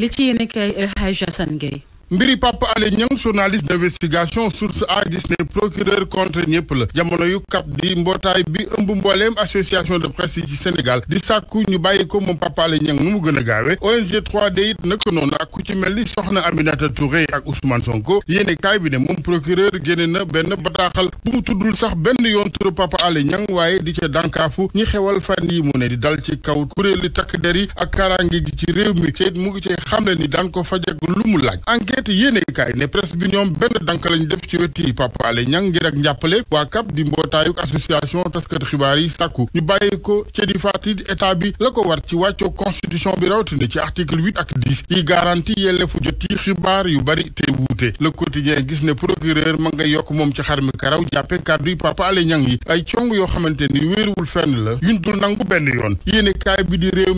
li ci yéen kay El Hadj Assane Gueye mbiri Papa Alenyang, journaliste d'investigation source a Disney, procureur contre ñepp la jamono yu kap di bi ëmb association de presse du Sénégal di sakku ñu bàyyi ko Alenyang, papa ONG 3D it naka non ak ku ci mel soxna Aminata Touré ak Ousmane Sonko Yene kay bi procureur génne na benn bataxal bu mu tuddul sax benn yoon turu papa Alé Niang waye di ca dankafu ñi xewal fan yi mu ne di dal ci kaw ak ci réew mi ci mu ni ko lu mu enquête yéenekaay ne presse bi ñoom benn dank lañ def ci weti Papa Alé Niang ngir ak njàppale waa CAP di mbootaayu association taskat xibaar yi sàkku ñu bàyyi ko ci di fàttali état bi la ko war ci wàccoo constitution bi rawatina ci article ak 10 yi garanti yelleefu jot yi xibaar yu bari te wuute Le Quotidien gis ne procureur ma nga yokk moom ci xar karaw jàppe kàddu yi Papa Alé yi ay cong yoo xamante ni wéeruwul fenn la yuñ dul nangu benn yoon yéenekaay bi di réew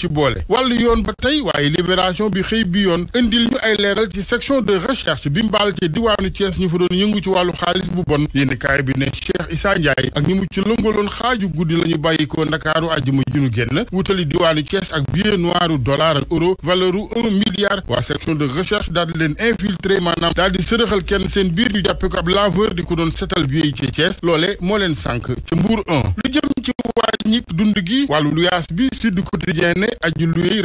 ci boole wàllu yoon ba tey waaye libération bi xëy bi yoon indil ñu ay leeral ci section de recherche bi mbaal ci diwaanu Thiès ñu fa doon yëngu ci wàllu xaalis bu bon yéen kaay bi ne Cheikh Issa Ndiaye ak ñi mu ci lëngaloon xaaju guddi la ñu bàyyi Ndakaaru àjjuma génn wutali diwaanu Thiès ak billet noiru dollar ak euro valeur un milliard waa section de recherche daal di leen infiltré maanaam daal di sërëxal kenn seen biir ñu jàppe ko ab laveur di ko doon setal billet ci Thiès loole moo leen sànk ci Mbour 1 wàññik dund gi wàllu luyaas bi Sud Quotidien ne aju luyey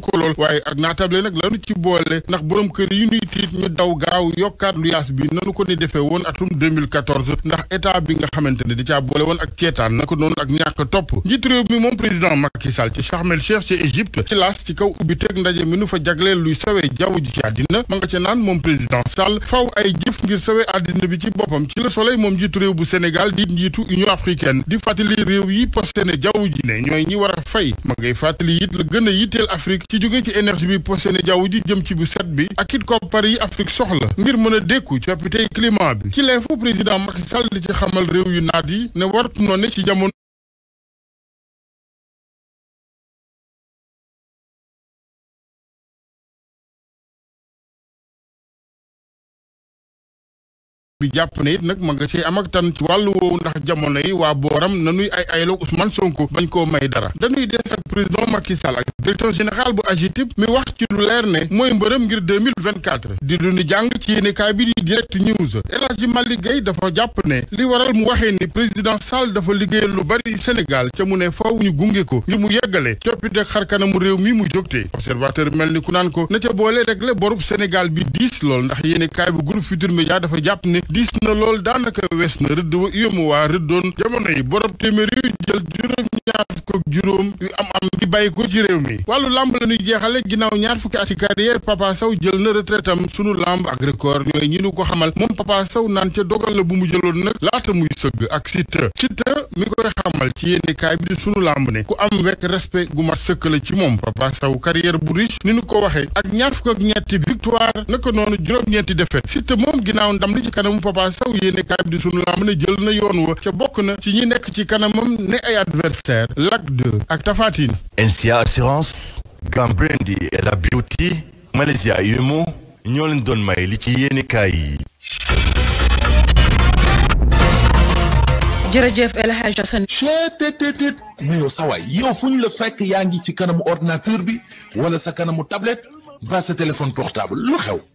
ko lool waaye ak naatable nag lanu ci boole ndax borom kër yu ñuy tiit ñu daw gaaw yokkaat luyaas bi nanu ko ni defee woon atum 2014 ndax état bi nga xamante ne da caa boole woon ak ceetaan na ko noonu ak ñàkk topp njiitu réew mi moom président Macky Sall ci Sharm el Cheikh ci Égypte ci laas ci kaw ubbi ndaje mi nu fa jagleel luy sawee jaww ji ci àddina ma nga ca naan moom président Sall faw ay jëf ngir sawee àddina bi ci boppam ci Le Soleil moom njiitu réew bu Sénégal di njiitu Union africaine di fàttali réew yi xamante ne jaww ji ne ñooy ñi war a fay ma ngay fàttali it la gën a yitteel Afrique ci jóge ci énergie bi posé ne jaww ji jëm ci bu set bi ak it koppar yi Afrique soxla ngir mën a dékku coppitey climat bi ci l'info président Macky Sall di ci xamal réew yu naat yi ne wartu noo ne ci jamono noppi jàpp ne it nag ma nga see am ak tan ci wàllu woowu ndax jamono yi waa booram nanuy ay ayloog Ousmane Sonko bañ koo may dara dañuy des ak président Macky ak directeur général bu AGETIP mi wax ci lu leer ne mooy mbërëm ngir 2024 di lu ñu jàng ci yéenekaay bi di direct news El Hadji Malick dafa jàpp ne li waral mu waxee ni président Sall dafa liggéeyal lu bari Sénégal ca mu ne faaw gunge ko ngir mu yeggale coppite xar kanamu réew mi mu jógtee observateur diis na lool daanaka wees na rëdd wa yéemu waa rëddoon jamono yi borom téeméer yu jël juróom juróom yu am am di bàyyi ko ci réew mi wàllu làmb la ñuy jeexale ginnaaw ñaar fukki ati carrière Papa Sow jël na retraite am sunu làmb ak record ñooy ñi nu ko xamal moom Papa Sow naan ca dogal la bu mu jëloon nag laata muy sëgg ak Siteu Siteu mi koy xamal ci yenn kaay bi di sunu làmb ne ku am wekk respect gu mat sëkk la ci moom Papa Sow carrière bu riche ni nu ko waxee ak ñaar fukk ak ñetti victoire naka noonu juróom-ñeenti défaite Siteu moom ginnaaw ndam li ci kanamu Papa Sow yenn kaay bi di sunu làmb na yoon wa ca bokk na ci ñi nekk ci kanamam ne ay adversaire lak 2 ak Tafatine. NCA la beauty. Malaysia Yumo. ñoo leen doon may li ci yéene kaay jërëjëf El Hadj Assane. saa waay la fekk yaa ngi ci kanamu ordinateur bi wala sa kanamu tablette ba sa téléphone portable lu xew.